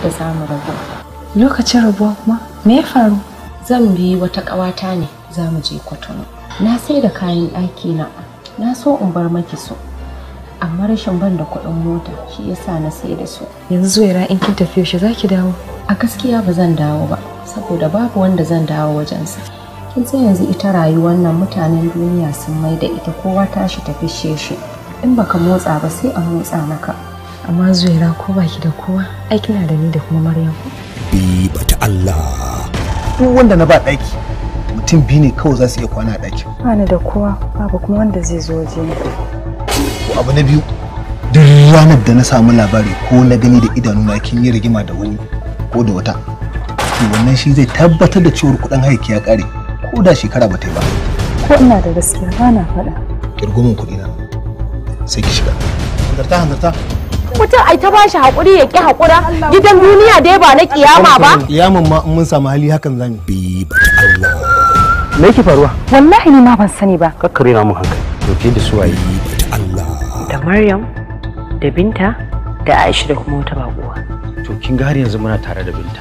kawai da zamu rabu lokacin rabuwa kuma me ya faru zan bi wata ƙawata ne za mu je kwatano na sai da kayan ɗaki na na so in bar maki su amma rashin ban da kuɗin mota shi yasa na sai da su yanzu zuwa in kin tafi yaushe zaki dawo a gaskiya ba zan dawo ba saboda babu wanda zan dawo wajen wajensa kin san yanzu ita rayuwar nan mutanen duniya sun mai da ita kowa tashi tafi shi in baka motsa ba sai a motsa maka amma zuwa ko baki da kowa ai kina da ni da kuma maryam bi bata Allah duk wanda na ba daki mutum bi ne kawai za su iya kwana a daki bani da kowa babu kuma wanda zai zo waje ni abu na biyu duk ranar da na samu labari ko na gani da idanu na kin yi rigima da wani ko da wata to wannan shi zai tabbatar da cewar kudin haiki ya kare ko da shekara ba ta yi ba ko ina da gaskiya ba na faɗa kirgumin kuɗi na sai ki shiga hanzarta hanzarta mutum ai ta bashi hakuri ya ki hakura gidan duniya dai ba na kiyama ba kiyaman ma mun samu hali hakan zan bi Allah me yake faruwa wallahi ni ma ban sani ba kakkare na mu hankali to ke da suwaye Allah da Maryam da Binta da Aisha da kuma wata baguwa to kin ga har yanzu muna tare da Binta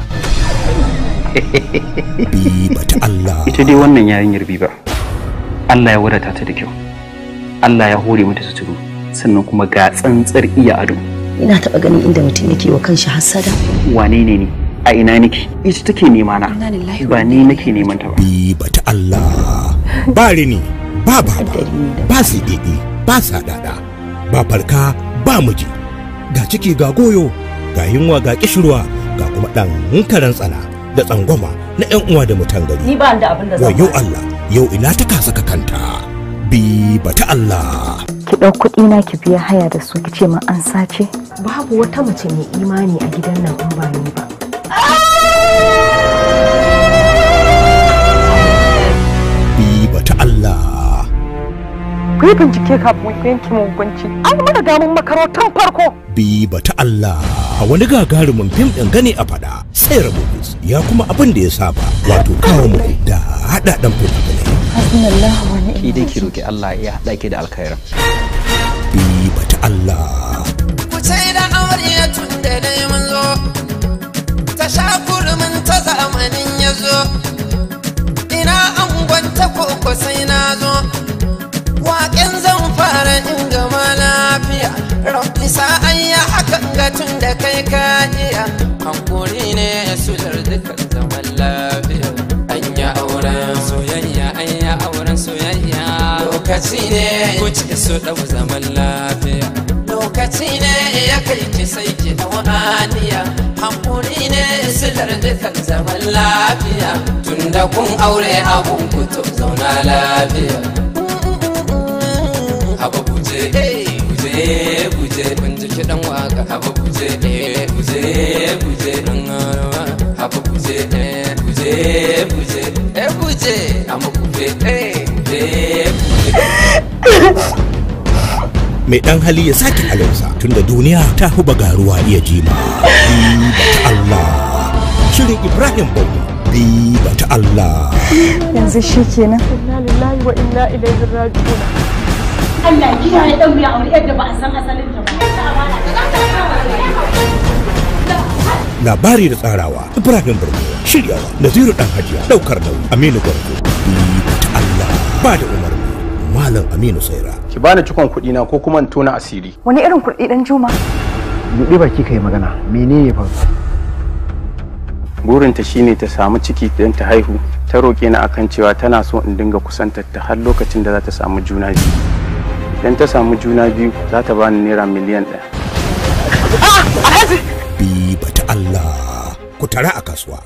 Biba ta Allah ita dai wannan yarbi ba. Allah ya wadata ta da kyau Allah ya hore mata suturu sannan kuma ga tsantsar iya ado ina taɓa ganin inda mutum yake wa kanshi hassada wane ne ni a ina nake ita take nema na ba ni nake neman ta ba ba ta Allah ba rini ba ba ba sai dede ba sa dada ba farka ba miji ga ciki ga goyo ga yunwa ga kishirwa ga kuma dan karan tsana da tsangwama na yan uwa da mutan gari ni ba da abin da zan yo Allah yau ina ta kasa kanta bi ba ta Allah ki ɗau kuɗi na ki biya haya da su ki ce ma an sace babu wata mace mai imani a gidan nan in ba ni ba ba ta Allah. Ku yi bincike kafin ku yanke mugunci. An mana damun makarantar farko. Biba ta Allah. A wani gagarumin fim din gane a fada sai Rabobus ya kuma abin da ya saba wato kawo mu da haɗaɗen dan finai Hasbunallahu wa ni'mal Idan ki roki Allah ya haɗa ki da alkhairan. bata Allah. Ku sai da amarya tun da dai mun zo, ta sha kurumin ta zamanin ya zo, ina angon ta koko sai na zo, waƙen zan fara in gama lafiya, rabbi sa'an ya hakan ga tun da kai. lokaci ne ku ce su ɗau zaman lafiya lokaci ne ya kai ki sai ki ɗau aniya hankuri ne silar dukan zaman lafiya tunda kun aure abun ku to zauna lafiya haba kuje kuje kuje kun ji kiɗan waka haba kuje kuje kuje ɗan haba kuje kuje kuje kuje eh, amma kuje eh. mai dan hali ya sake halinsa tunda duniya ta huba garuwa iya jima bi ta Allah shirin Ibrahim Bobo bi ta Allah yanzu shikenan inna lillahi wa inna ilaihi raji'un Allah kina ya aure yadda ba a san asalin ta ba labari da tsarawa Ibrahim Burgo shiryawa Naziru dan Hajiya daukar nauyi Aminu Gwarzo bi ta Allah ba da umarni Malam Aminu Saira. Ki bani cikon kuɗi na ko kuma in tona asiri. Wani irin kuɗi dan Juma? Buɗe baki kai magana. Mene ya faru? Burinta shine ta samu ciki dan ta haihu. Ta roke ni akan cewa tana so in dinga kusantar ta har lokacin da za ta samu juna biyu. Idan ta samu juna biyu za ta bani naira miliyan ɗaya. Bi bata Allah ku tara a kasuwa.